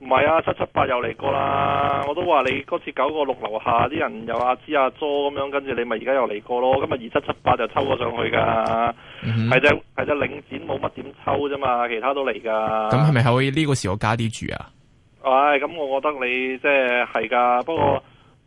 唔係啊，七七八又嚟過啦，我都話你嗰次九個六樓下啲人又阿芝阿咗咁樣，跟住你咪而家又嚟過咯，今日二七七八就抽咗上去噶，係啫、嗯哼，係啫，隻領展冇乜點抽啫嘛，其他都嚟噶。咁係咪可以呢個時我加啲住啊？唉、哎、咁、嗯、我覺得你即係係噶，不過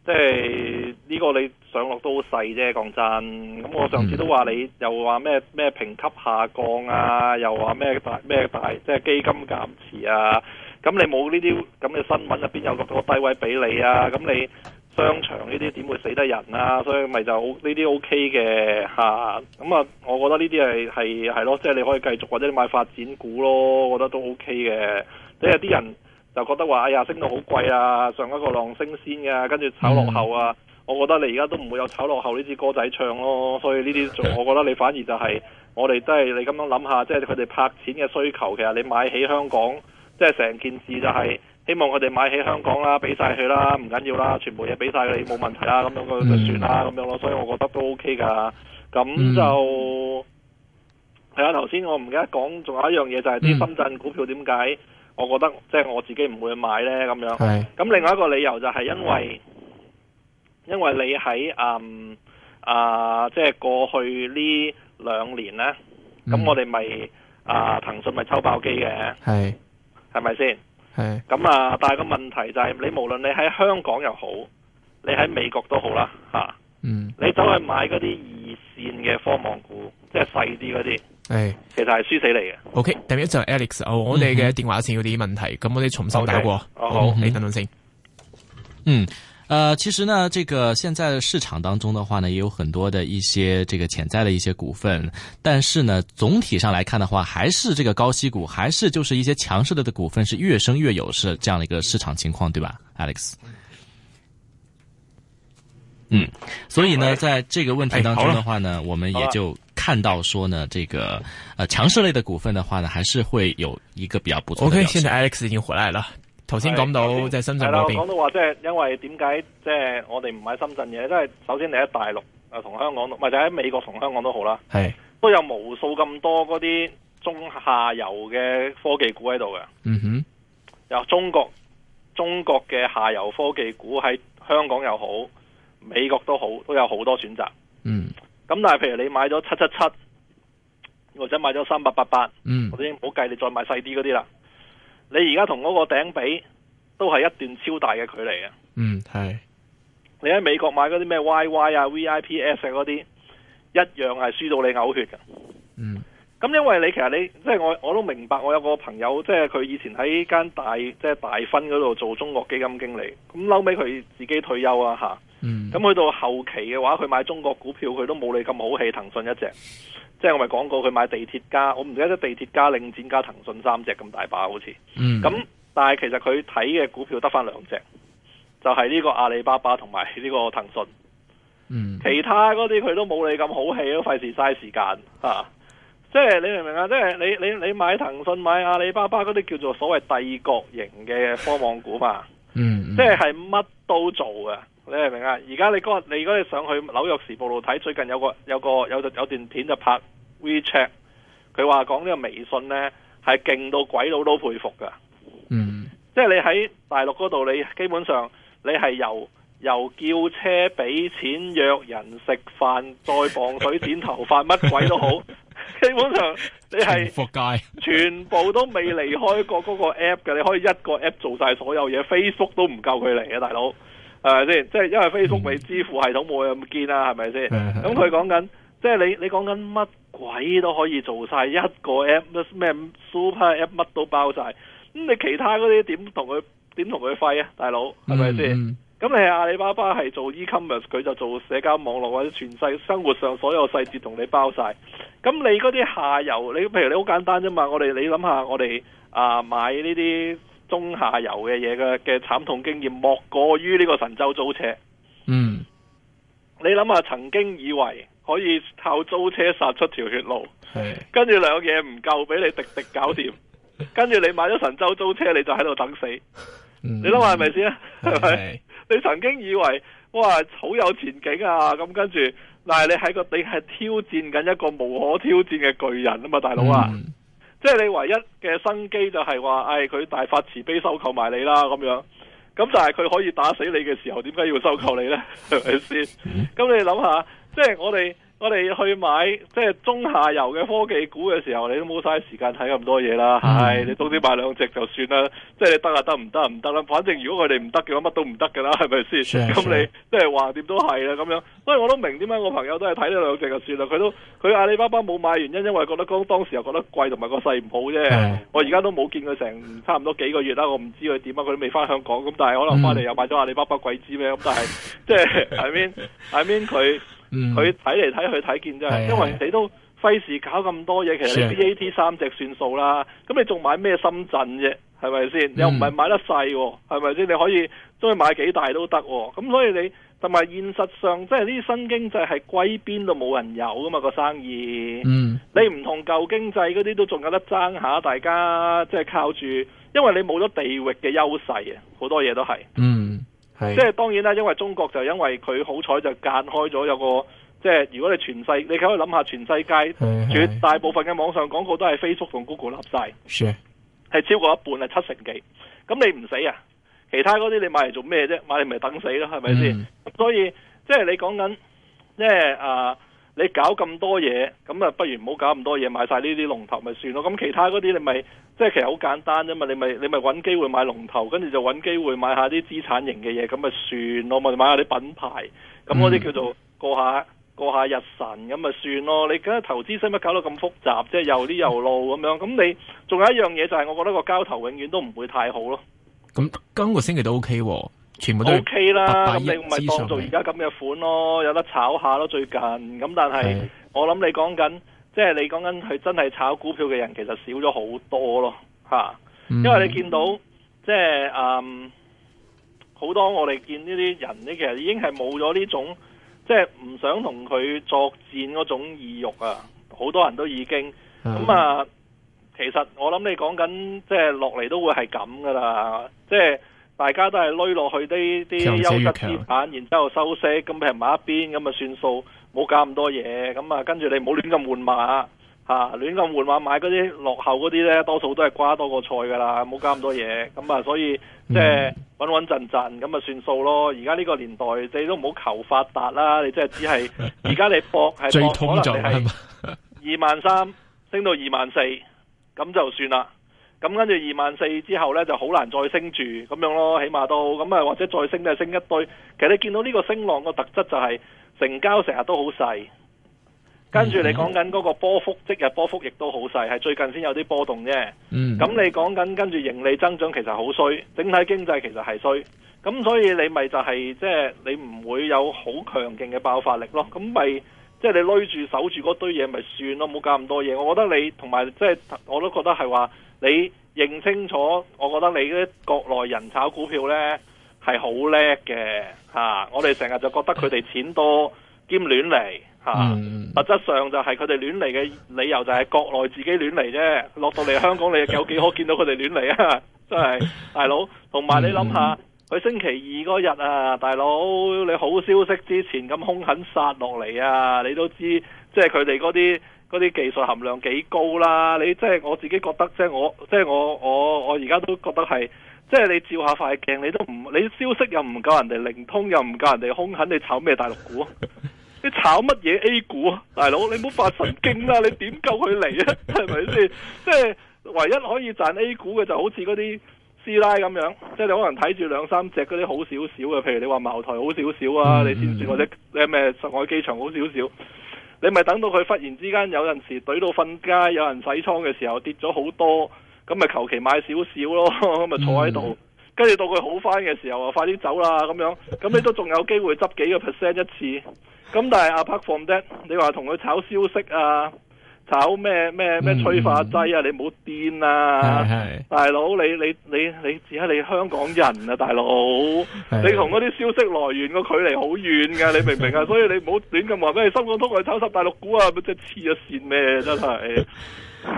即係呢、這個你上落都好細啫，講真。咁我上次都話你又話咩咩評級下降啊，又話咩大咩大即係基金減持啊。咁你冇呢啲咁嘅新聞，入邊有個低位俾你啊！咁你商場呢啲點會死得人啊？所以咪就呢啲 O K 嘅吓。咁、okay、啊，我覺得呢啲係係係咯，即係、就是、你可以繼續或者你買發展股咯，我覺得都 O K 嘅。即係啲人就覺得話：哎呀，升到好貴啊！上一個浪升先嘅，跟住炒落後啊！我覺得你而家都唔會有炒落後呢支歌仔唱咯。所以呢啲，我覺得你反而就係、是、我哋即係你咁樣諗下，即係佢哋拍錢嘅需求，其實你買起香港。即係成件事就係希望佢哋買起香港啦，俾晒佢啦，唔緊要啦，全部嘢俾晒你冇問題啦，咁樣就算啦，咁、嗯、樣咯，所以我覺得都 OK 噶。咁就係啊，頭先、嗯、我唔記得講，仲有一樣嘢就係啲深圳股票點解？我覺得即係、嗯、我自己唔會買呢？咁樣。咁是，另外一個理由就係因為因為你喺嗯啊，即係過去呢兩年呢，咁、嗯、我哋咪啊騰訊咪抽爆機嘅，係。係咪先？係。咁啊，但係個問題就係，你無論你喺香港又好，你喺美國都好啦，吓。嗯。你走去買嗰啲二線嘅科網股，即係細啲嗰啲。係。其實係輸死你嘅。OK，第二一就係 Alex，哦，我哋嘅電話線有啲問題，咁、嗯哼、我哋重新打過。好。Okay，哦，你等等先。嗯。呃，其實呢，這個現在市場當中的話呢，也有很多的一些這個潛在的一些股份，但是呢，總體上來看的話，還是這個高息股，還是就是一些強勢的的股份是越升越有勢，這樣的一個市場情況，對吧，Alex？嗯，所以呢，在這個問題當中的話呢，哎、我們也就看到說呢，這個呃強勢類的股份的話呢，還是會有一個比較不錯的。OK，現在 Alex 已經回來了。頭先講到才即係深圳嗰邊，講到話即係因為點解即係我哋唔買深圳嘢？即係首先你喺大陸啊同香港，或者喺美國同香港都好啦，係的都有無數咁多嗰啲中下游嘅科技股喺度嘅。嗯哼，由中國中國嘅下游科技股喺香港又好，美國都好都有好多選擇。嗯，咁但係譬如你買咗七七七，或者買咗三八八八，嗯，我已經冇計你再買細啲嗰啲啦。你而家同嗰個頂比，都係一段超大嘅距離啊！嗯，係。你喺美國買嗰啲咩 YY 啊 VIPS 啊嗰啲，一樣係輸到你嘔血嘅。嗯。咁因為你其實你即係我我都明白，我有個朋友即係佢以前喺間大即係大分嗰度做中國基金經理。咁嬲尾佢自己退休啊吓，咁去、嗯、到後期嘅話，佢買中國股票，佢都冇你咁好氣，騰訊一隻。即係我咪講過佢買地鐵加，我唔記得地鐵加、領展加騰訊三隻咁大把好似，咁、嗯、但係其實佢睇嘅股票得翻兩隻，就係、是、呢個阿里巴巴同埋呢個騰訊，嗯、其他嗰啲佢都冇你咁好氣，都費事嘥時間嚇。即係你明唔明啊？即係你即你你，你買騰訊買阿里巴巴嗰啲叫做所謂帝國型嘅科網股嘛？嗯嗯、即係係乜都做嘅。你明啊？而家你嗰日，你如果你上去紐約時報度睇，最近有個有個有個有段片就拍 WeChat，佢話講呢個微信呢係勁到鬼佬都佩服噶。嗯，即係你喺大陸嗰度，你基本上你係由由叫車畀錢約人食飯，再磅水剪頭髮，乜 鬼都好，基本上你係全部都未離開過嗰個 app 嘅，你可以一個 app 做晒所有嘢 ，Facebook 都唔夠佢嚟啊，大佬。係咪先？即係因為 Facebook 嘅支付系統冇咁堅啊，係咪先？咁佢、嗯、講緊，即係你你講緊乜鬼都可以做晒一個 app，咩 super app 乜都包晒。咁、嗯、你其他嗰啲點同佢點同佢廢啊，大佬係咪先？咁、嗯、你阿里巴巴係做 e-commerce，佢就做社交網絡或者全世生活上所有細節同你包晒。咁你嗰啲下游，你譬如你好簡單啫嘛，我哋你諗下我，我哋啊買呢啲。中下游嘅嘢嘅嘅慘痛經驗，莫過於呢個神州租車。嗯，你諗下，曾經以為可以靠租車殺出條血路，的跟住兩個嘢唔夠俾你滴滴搞掂， 跟住你買咗神州租車，你就喺度等死。嗯、你諗下係咪先？係咪的？ 你曾經以為哇好有前景啊，咁跟住，但係你係個你係挑戰緊一個無可挑戰嘅巨人啊嘛，大佬啊！嗯即係你唯一嘅生機就係話，誒、哎、佢大發慈悲收購埋你啦咁樣，咁就係佢可以打死你嘅時候，點解要收購你咧？係咪先？咁、 嗯、你諗下，即係我哋。我哋去買即係中下游嘅科技股嘅時候，你都冇嘥時間睇咁多嘢啦，唉你總之買兩隻就算啦，即係你得啊得唔得唔得啦，反正如果佢哋唔得嘅話，我乜都唔得噶啦，係咪先？咁你即係話點都係啦，咁樣，所以我都明點解我朋友都係睇呢兩隻就算啦。佢都佢阿里巴巴冇買，原因因為覺得當當時又覺得貴同埋個勢唔好啫。我而家都冇見佢成差唔多幾個月啦，我唔知佢點啊，佢都未翻香港，咁但係可能翻嚟又買咗阿里巴巴鬼知咩？咁但係即係，I mean I mean 佢。佢睇嚟睇去睇見啫，是是是因為你都費事搞咁多嘢，其實你 B A T 三隻算數啦。咁是你仲買咩深圳啫？係咪先？嗯、又唔係買得細，係咪先？你可以中意買幾大都得，啊。咁所以你同埋現實上，即係呢啲新經濟係歸邊都冇人有㗎嘛個生意。嗯，你唔同舊經濟嗰啲都仲有得爭下，大家即係靠住，因為你冇咗地域嘅優勢啊，好多嘢都係。嗯。即係當然啦，因為中國就因為佢好彩就間開咗有個即係，如果你全世，你可以諗下全世界絕大部分嘅網上廣告都係 Facebook 同 Google 合晒，係的超過一半係七成幾。咁你唔死啊？其他嗰啲你買嚟做咩啫？買嚟咪等死咯，係咪先？所以即係你講緊即係啊。呃你搞咁多嘢，咁啊，不如唔好搞咁多嘢，買晒呢啲龍頭咪算咯。咁其他嗰啲你咪，即係其實好簡單啫嘛。你咪你咪揾機會買龍頭，跟住就揾機會買下啲資產型嘅嘢，咁咪算咯。咪買下啲品牌，咁嗰啲叫做過下過下日神，咁咪算咯。嗯、你梗係投資使乜搞到咁複雜，即係又啲又路咁樣。咁你仲有一樣嘢就係，我覺得個交投永遠都唔會太好咯。咁、嗯、今個星期都 OK 喎、哦。O、OK、K 啦，咁百你咪當做而家咁嘅款咯，的有得炒下咯最近。咁但係的我諗你講緊，即係你講緊佢真係炒股票嘅人，其實少咗好多咯，吓。因為你見到、嗯、即係嗯好多我哋見呢啲人，你其實已經係冇咗呢種即係唔想同佢作戰嗰種意欲啊。好多人都已經咁的、嗯、啊。其實我諗你講緊，即係落嚟都會係咁噶啦，即係。大家都係攞落去呢啲優質資產，然之後，後收息，咁平埋一邊，咁啊算數，冇搞咁多嘢，咁啊跟住你唔好亂咁換馬，嚇、啊、亂咁換馬買嗰啲落後嗰啲呢，多數都係瓜多過菜噶啦，冇搞咁多嘢，咁啊所以即係穩穩陣陣咁啊算數咯。而家呢個年代，你都唔好求發達啦，你即係只係而家你搏，係 可能你係二萬三升到二萬四，咁就算啦。咁跟住二萬四之後呢，就好難再升住咁樣咯，起碼都咁啊，或者再升都係升一堆。其實你見到呢個升浪個特質就係、是、成交成日都好細，跟住你講緊嗰個波幅，mm hmm. 即日波幅亦都好細，係最近先有啲波動啫。嗯、mm。咁、hmm. 你講緊跟住盈利增長其實好衰，整體經濟其實係衰，咁所以你咪就係即係你唔會有好強勁嘅爆發力咯。咁咪即係你攰住守住嗰堆嘢，咪算咯，冇搞咁多嘢。我覺得你同埋即係我都覺得係話。你認清楚，我覺得你啲國內人炒股票呢係好叻嘅嚇。我哋成日就覺得佢哋錢多兼亂嚟嚇，啊嗯、實質上就係佢哋亂嚟嘅理由就係國內自己亂嚟啫。落到嚟香港你又有幾可見到佢哋亂嚟啊？真係，大佬。同埋你諗下，佢星期二嗰日啊，大佬你好消息之前咁兇狠殺落嚟啊，你都知即係佢哋嗰啲。嗰啲技術含量幾高啦！你即係我自己覺得，即係我即係我我我而家都覺得係，即係你照下塊鏡，你都唔你消息又唔夠人哋靈通，又唔夠人哋兇狠，你炒咩大陸股？你炒乜嘢 A 股啊，大佬？你唔好發神經啦！你點夠佢嚟啊？係咪先？即係唯一可以賺 A 股嘅，就好似嗰啲師奶咁樣，即係你可能睇住兩三隻嗰啲好少少嘅，譬如你話茅台好少少啊，你先至或者你咩上海機場好少少。你咪等到佢忽然之間有陣時懟到瞓街，有人洗倉嘅時候跌咗好多，咁咪求其買少少咯，咁咪坐喺度，跟住、嗯、到佢好返嘅時候啊，快啲走啦咁樣，咁你都仲有機會執幾個 percent 一次，咁但係阿 Platform 咧， that, 你話同佢炒消息啊？搞咩咩咩催化劑啊！嗯、你唔好癲啊！是是大佬，你你你你只係你香港人啊！大佬，是是你同嗰啲消息來源個距離好遠㗎，你明唔明啊？ 所以你唔好亂咁話咩深港通去抽濕大陸股啊！咪即係黐咗線咩？真係。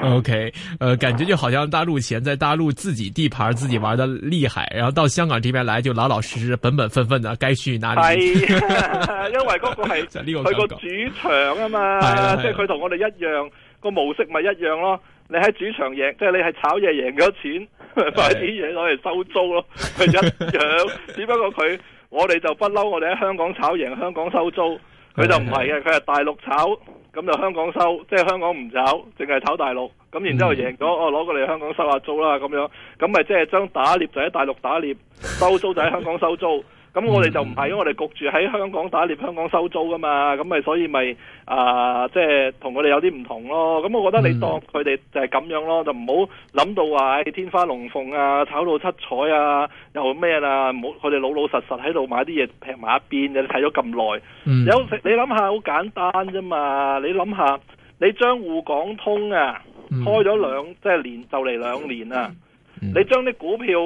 O K，誒，感覺就好像大陸前在大陸自己地盤自己玩得厲害，然後到香港這邊來就老老實實本本分分的，該去哪裏。係、啊，因為嗰個係佢個主場啊嘛， 啊啊即係佢同我哋一樣個模式咪一樣咯。你喺主場贏，即係你係炒嘢贏咗錢，買啲嘢攞嚟收租咯，一樣。只不過佢我哋就不嬲，我哋喺香港炒贏香港收租，佢就唔係嘅，佢係大陸炒。咁就香港收，即、就、係、是、香港唔走，淨係炒大陸。咁然之後贏咗，我、哦、攞過嚟香港收下租啦咁樣。咁咪即係將打獵就喺大陸打獵，收租就喺香港收租。 咁我哋就唔係，因為我哋焗住喺香港打獵，香港收租噶嘛，咁咪所以咪啊，即係同我哋有啲唔同咯。咁我覺得你當佢哋就係咁樣咯，就唔好諗到話誒天花龍鳳啊，炒到七彩啊，又咩啦？好，佢哋老老實實喺度買啲嘢平買一邊嘅，睇咗咁耐。有，你諗下，好簡單啫嘛！你諗下，你將滬港通啊，開咗兩即係年就嚟兩年啊，你將啲股票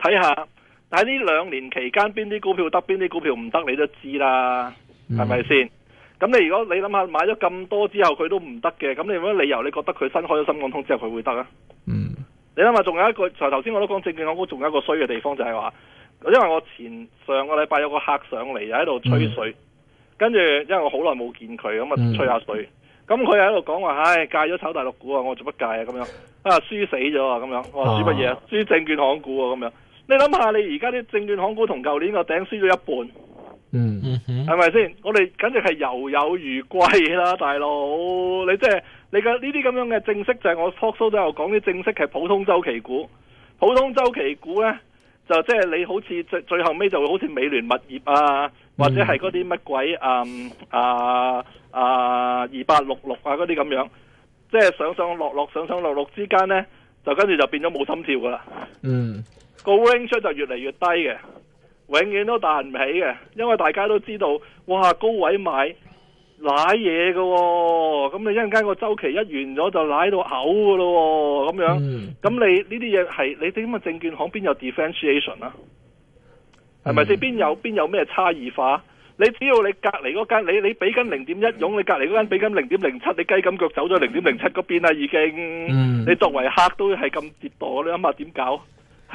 睇下。喺呢兩年期間，邊啲股票得，邊啲股票唔得，你都知啦，係咪先？咁你如果你諗下買咗咁多之後，佢都唔得嘅，咁你有乜理由？你覺得佢新開咗深港通之後佢會得啊？嗯，你諗下，仲有一個，就頭先我都講證券行股，仲有一個衰嘅地方就係話，因為我前上個禮拜有個客上嚟，又喺度吹水，跟住因為我好耐冇見佢，咁啊吹下水，咁佢又喺度講話，唉，戒咗炒大陸股啊，我做乜戒啊？咁樣啊，輸死咗啊？咁樣，我話輸乜嘢啊？輸證券行股啊？咁樣。你諗下，你而家啲證券行股同舊年個頂輸咗一半，嗯，係咪先？我哋簡直係猶有餘悸啦，大佬！你即係你嘅呢啲咁樣嘅正式，就係我 talk show 都有講啲正式，係普通周期股，普通周期股咧就即係你好似最最後尾就會好似美聯物業啊，嗯，或者係嗰啲乜鬼，嗯，啊啊啊二八六六啊嗰啲咁樣，即係上上落落上，上上落落之間咧，就跟住就變咗冇心跳噶啦，嗯。個 range 就越嚟越低嘅，永遠都彈唔起嘅，因為大家都知道，哇高位買瀨嘢嘅，咁、哦、你一陣間個周期一完咗就舐到嘔噶咯，咁樣，咁、嗯、你呢啲嘢係你啲咁嘅證券行邊有 differentiation 啊？係咪先？邊、嗯、有邊有咩差異化？你只要你隔籬嗰間你你比緊零點一，用你隔籬嗰間比緊零點零七，你雞咁腳走咗零點零七嗰邊啦，已經，嗯、你作為客都係咁折墮，你諗下點搞？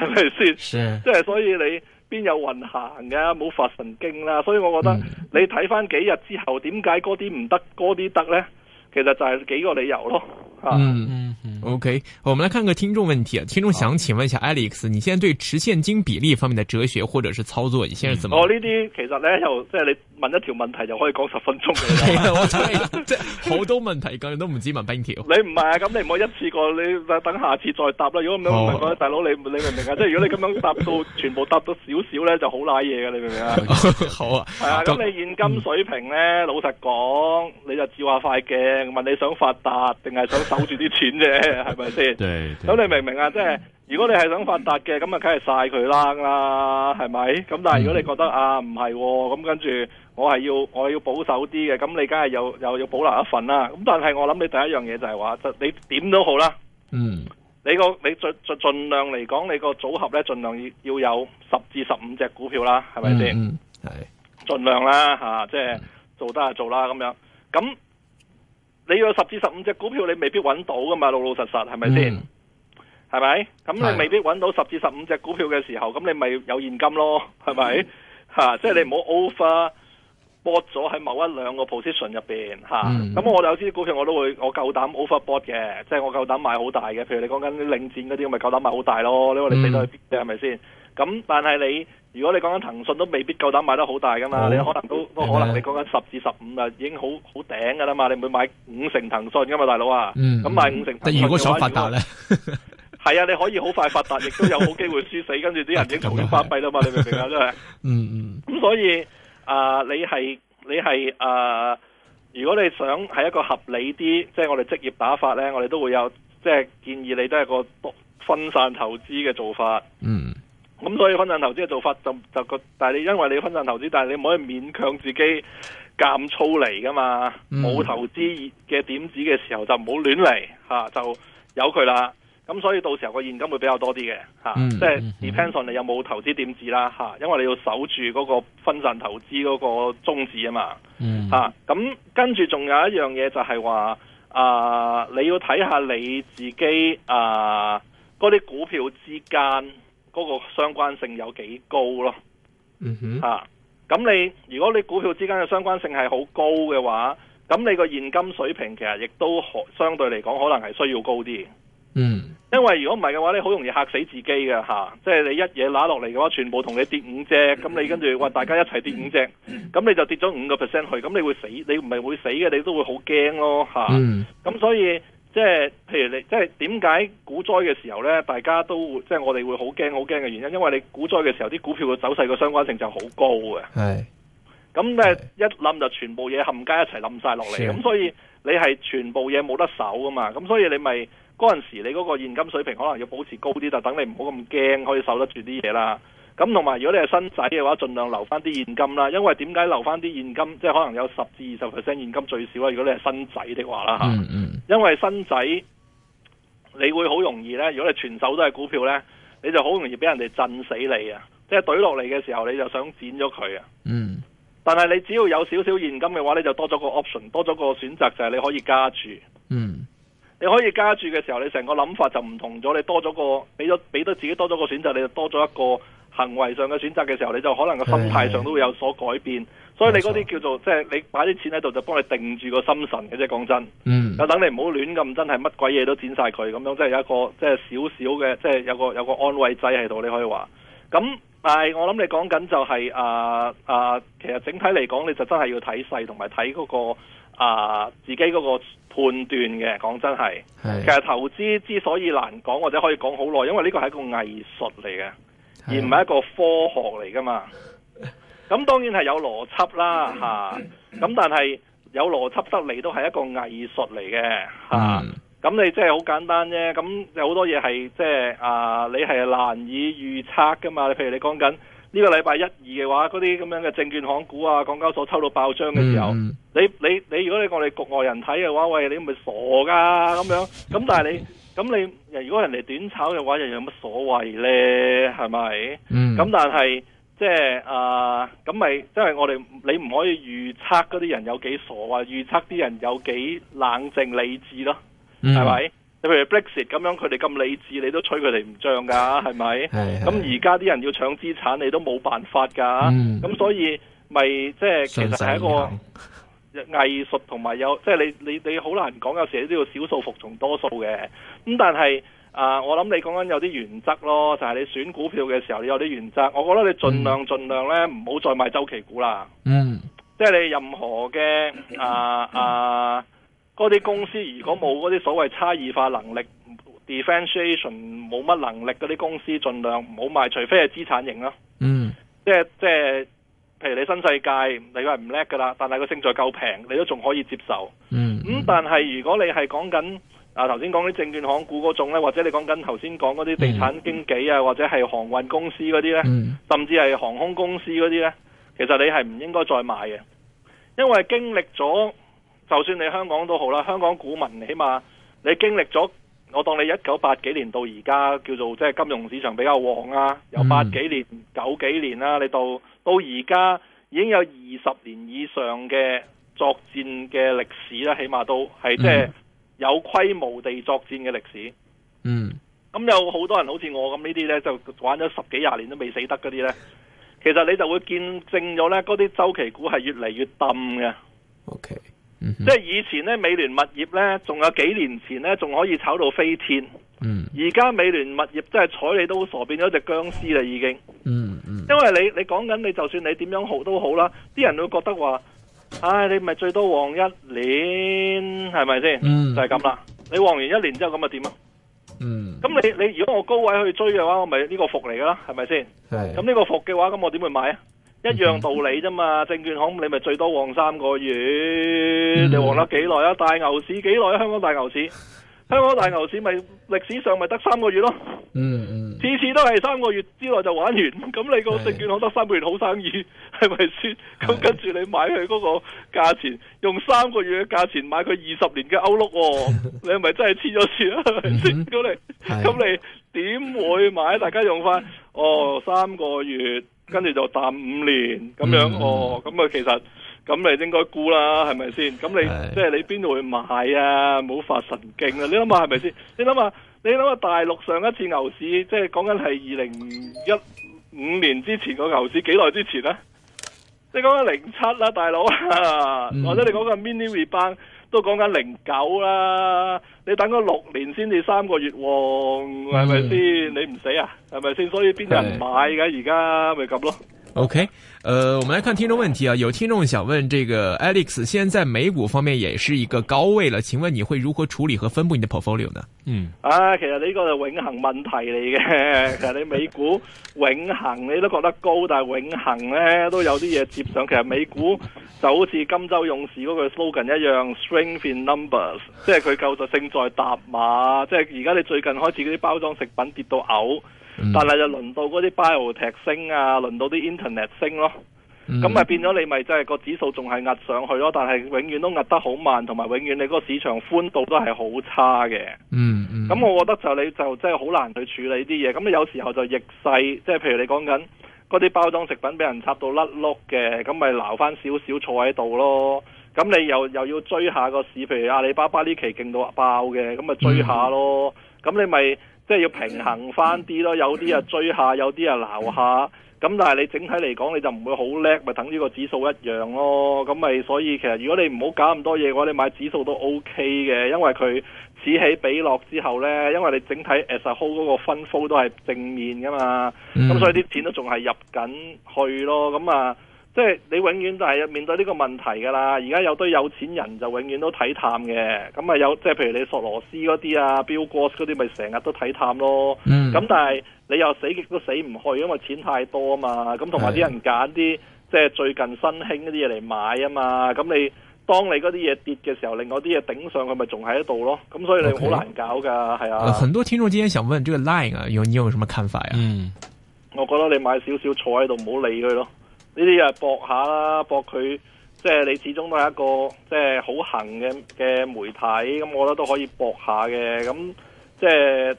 係咪先？吧即係所以你邊有運行嘅，冇發神經啦。所以我覺得你睇返幾日之後，點解嗰啲唔得，嗰啲得咧？其實就係幾個理由咯。嗯嗯嗯。啊嗯嗯嗯 O.K. 我們來看個聽眾問題，聽眾想請問一下 Alex，你現在對持現金比例方面的哲學，或者是操作，你現在怎麼？哦呢啲其實咧，又即係你問一條問題就可以講十分鐘嘅。係啊， 我即係好多問題，咁你都唔知問邊條。你唔係啊，咁你唔好一次過，你等下次再答啦。如果咁樣唔係，大佬你你明唔明啊？即係如果你咁樣答到 全部答到少少咧，就好瀨嘢嘅，你明唔明啊？ 好啊，係啊，咁你現金水平咧，嗯、老實講，你就照下塊鏡，問你想發達定係想守住啲錢啫。係咪先？咁你明唔明啊？嗯、即係如果你係想發達嘅，咁啊，梗係晒佢啦，係咪？咁但係如果你覺得、嗯、啊，唔係咁，跟住我係要我要保守啲嘅，咁你梗係又又要保留一份啦。咁但係我諗你第一樣嘢就係、是、話，你點都好啦。嗯，你個你盡盡量嚟講，你個組合呢盡量要有十至十五隻股票啦，係咪先？係盡、嗯、量啦，吓、啊，即係做得就，就做啦，咁樣咁。嗯你要十至十五隻股票，你未必揾到㗎嘛，老老實實，係咪先？係咪？咁、嗯、你未必揾到十至十五隻股票嘅時候，咁你咪有現金咯？係咪？吓、 啊，即係你唔好 over。博咗喺某一兩個 position 入邊吓，咁、嗯嗯、我就有啲股票我都會我夠膽 overboard 嘅，即係我夠膽買好大嘅。譬如你講緊領展嗰啲，咪夠膽買好大咯。你話、嗯、你死都去邊嘅係咪先？咁但係你如果你講緊騰訊都未必夠膽買得好大噶嘛，哦、你可能都都可能你講緊十至十五啊，已經好好頂噶啦嘛，你唔會買五成騰訊噶嘛，大佬啊，咁買、嗯、五成騰訊。但係如果想發達咧，係 啊，你可以好快發達，亦都有好機會輸死，跟住啲人已經窮到發閉啦嘛。你明唔明啊？真係，嗯嗯，咁、嗯、所以。啊、uh,！你係你係啊！Uh, 如果你想係一個合理啲，即係我哋職業打法呢，我哋都會有即係建議你都係個分散投資嘅做法。嗯。咁所以分散投資嘅做法就就個，但係你因為你分散投資，但係你唔可以勉強自己鹹操嚟㗎嘛。冇、嗯、投資嘅點子嘅時候就唔好亂嚟吓、啊，就由佢啦。咁所以到時候個現金會比較多啲嘅嚇，嗯、即係 depends on 你有冇投資點子啦嚇，嗯、因為你要守住嗰個分散投資嗰個宗旨、嗯、啊嘛嚇。咁跟住仲有一樣嘢就係話啊，你要睇下你自己啊嗰啲股票之間嗰個相關性有幾高咯。嗯哼嚇。咁、嗯啊、你如果你股票之間嘅相關性係好高嘅話，咁你個現金水平其實亦都可相對嚟講可能係需要高啲。嗯。因為如果唔係嘅話，你好容易嚇死自己嘅吓，即係你一嘢揦落嚟嘅話，全部同你跌五隻，咁你跟住哇，大家一齊跌五隻，咁你就跌咗五個 percent 去，咁你會死，你唔係會死嘅，你都會好驚咯吓。咁、嗯、所以即係譬如你，即係點解股災嘅時候呢？大家都即係我哋會好驚好驚嘅原因，因為你股災嘅時候啲股票嘅走勢嘅相關性就好高嘅。係是。咁咧，一冧是就全部嘢冚街一齊冧晒落嚟，咁的所以你係全部嘢冇得守噶嘛，咁所以你咪。嗰陣時，你嗰個現金水平可能要保持高啲，就等你唔好咁驚，可以受得住啲嘢啦。咁同埋，如果你係新仔嘅話，盡量留翻啲現金啦。因為點解留翻啲現金？即係可能有十至二十 percent 現金最少啦。如果你係新仔的話啦嚇，嗯嗯、因為新仔你會好容易呢。如果你全手都係股票呢，你就好容易俾人哋震死你啊！即係懟落嚟嘅時候，你就想剪咗佢啊！嗯。但係你只要有少少現金嘅話你就多咗個 option，多咗個選擇，就係、是、你可以加住。嗯。你可以加住嘅時候，你成個諗法就唔同咗，你多咗個俾咗俾多自己多咗個選擇，你就多咗一個行為上嘅選擇嘅時候，你就可能個心態上都會有所改變。的所以你嗰啲叫做的即係你擺啲錢喺度就幫你定住個心神嘅啫。講真，嗯，就等你唔好亂咁真係乜鬼嘢都剪晒佢咁樣，即係有一個即係少少嘅即係有個有個安慰劑喺度，你可以話。咁但係我諗你講緊就係啊啊，其實整體嚟講，你就真係要睇細同埋睇嗰個。啊！自己嗰個判斷嘅，講真係，的其實投資之所以難講，或者可以講好耐，因為呢個係一個藝術嚟嘅，的而唔係一個科學嚟噶嘛。咁當然係有邏輯啦，嚇、啊。咁但係有邏輯得嚟都係一個藝術嚟嘅，嚇、嗯。咁、啊、你即係好簡單啫。咁有好多嘢係即係啊，你係難以預測噶嘛。譬如你講緊。呢個禮拜一二嘅話，嗰啲咁樣嘅證券行股啊，港交所抽到爆章嘅時候，嗯、你你你如果你我哋局外人睇嘅話，喂，你咪傻噶咁、啊、樣。咁但係你，咁你如果人哋短炒嘅話，又有乜所謂呢？係咪？咁、嗯、但係即係啊，咁咪即係我哋你唔可以預測嗰啲人有幾傻啊，預測啲人有幾冷靜理智咯、啊，係咪、嗯？你譬如 Brexit 咁樣，佢哋咁理智，你都吹佢哋唔漲噶，係咪？係。咁而家啲人要搶資產，你都冇辦法噶。咁、嗯、所以咪即係其實係一個藝術同埋有，即、就、係、是、你你你好難講。有時呢要少數服從多數嘅。咁但係啊、呃，我諗你講緊有啲原則咯，就係、是、你選股票嘅時候，你有啲原則。我覺得你儘量儘量咧，唔好、嗯、再買週期股啦。嗯。即係你任何嘅啊啊。呃呃嗰啲公司如果冇嗰啲所謂差異化能力，differentiation 冇乜能力嗰啲公司，儘量唔好賣，除非係資產型啦、啊。嗯，即係即係，譬如你新世界，你話唔叻噶啦，但係佢勝在夠平，你都仲可以接受。嗯，咁、嗯、但係如果你係講緊啊頭先講啲證券行股嗰種咧，或者你講緊頭先講嗰啲地產經紀啊，嗯、或者係航運公司嗰啲咧，嗯嗯、甚至係航空公司嗰啲咧，其實你係唔應該再買嘅，因為經歷咗。就算你香港都好啦，香港股民起碼，你經歷咗，我當你一九八幾年到而家叫做即係金融市場比較旺啊，由八幾年、九幾年啦，你到到而家已經有二十年以上嘅作戰嘅歷史啦，起碼都係即係有規模地作戰嘅歷史。嗯，咁、嗯、有好多人好似我咁呢啲呢，就玩咗十幾廿年都未死得嗰啲呢，其實你就會見證咗呢，嗰啲週期股係越嚟越冧嘅。OK。Mm hmm. 即係以前咧美聯物業咧，仲有幾年前咧，仲可以炒到飛天。嗯、mm，而、hmm. 家美聯物業真係睬你都傻變咗隻僵屍啦，已經。嗯嗯、mm，hmm. 因為你你講緊你，就算你點樣好都好啦，啲人都覺得話，唉，你咪最多旺一年，係咪先？嗯、mm，hmm. 就係咁啦。你旺完一年之後咁啊點啊？嗯，咁、mm hmm. 你你如果我高位去追嘅話，我咪呢個伏嚟噶啦，係咪先？係的，咁呢個伏嘅話，咁我點會買啊？ 一樣道理啫嘛，證券行你咪最多旺三個月， 你旺得幾耐啊？大牛市幾耐啊？香港大牛市，香港大牛市咪歷史上咪得三個月咯？嗯嗯，次 次都係三個月之內就玩完，咁你個證券行得三個月好生意係咪先？咁跟住你買佢嗰個價錢，用三個月嘅價錢買佢二十年嘅歐陸，你咪真係黐咗線啦？係咪先？咁你咁你點會買？大家用翻哦，三個月。跟住就淡五年咁樣，嗯、哦，咁啊其實咁你應該沽啦，係咪先？咁你是即係你邊度去買啊？唔好發神經啊！你諗下係咪先？你諗下，你諗下大陸上一次牛市，即係講緊係二零一五年之前個牛市，幾耐之前啊？你講緊零七啦，大佬，哈哈嗯、或者你講個 mini rebound 都講緊零九啦，你等咗六年先至三個月喎，係咪先？嗯、你唔死啊？係咪先？所以邊有人買㗎，而家咪咁咯。OK。呃，我們來看聽眾問題啊，有聽眾想問，這個 Alex，現在美股方面也是一個高位了，請問你會如何處理和分布你的 portfolio 呢？嗯，啊，其實呢個係永恆問題嚟嘅，其實你美股永恆你都覺得高，但係永恆呢都有啲嘢接上，其實美股就好似金州勇士嗰句 slogan 一樣 ，Strength in numbers，即係佢夠在勝在搭馬，即係而家你最近開始嗰啲包裝食品跌到嘔。嗯、但係就輪到嗰啲 bio tech 升啊，輪到啲 internet 升咯，咁咪、嗯、變咗你咪即係個指數仲係壓上去咯，但係永遠都壓得好慢，同埋永遠你個市場寬度都係好差嘅、嗯。嗯嗯，咁我覺得就你就真係好難去處理啲嘢，咁你有時候就逆勢，即係譬如你講緊嗰啲包裝食品俾人插到甩碌嘅，咁咪留翻少少坐喺度咯。咁你又又要追下個市，譬如阿里巴巴呢期勁到爆嘅，咁咪追下咯。咁你咪。嗯即係要平衡翻啲咯，有啲啊追下，有啲啊撈下，咁但係你整體嚟講，你就唔會好叻，咪等於個指數一樣咯。咁咪所以其實如果你唔好搞咁多嘢嘅話，你買指數都 OK 嘅，因為佢此起彼落之後呢，因為你整體 as a whole 嗰個分佈都係正面噶嘛，咁所以啲錢都仲係入緊去咯，咁啊。即係你永遠都係面對呢個問題噶啦，而家有堆有錢人就永遠都睇淡嘅，咁啊有即係譬如你索羅斯嗰啲啊，Bill Gates 嗰啲咪成日都睇淡咯。咁、嗯、但係你又死極都死唔去，因為錢太多啊嘛。咁同埋啲人揀啲、哎、呀即係最近新興嗰啲嘢嚟買啊嘛。咁你當你嗰啲嘢跌嘅時候，另外啲嘢頂上去咪仲喺度咯。咁所以你好難搞噶，係 okay, 啊。很多聽眾今天想問，這個 line 啊，你有你有什麼看法呀，啊？嗯，我覺得你買少少，少坐喺度，唔好理佢咯。呢啲又係搏下啦，搏佢即係你始終都係一個即係好行嘅嘅媒體，咁、嗯、我覺得都可以搏下嘅，咁即係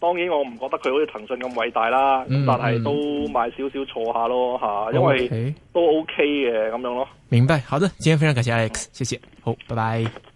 當然我唔覺得佢好似騰訊咁偉大啦，咁、嗯、但係都買少少坐下咯吓，嗯、因為都 OK 嘅咁樣咯。明白，好的，今天非常感謝 Alex、嗯、謝謝，好，拜拜。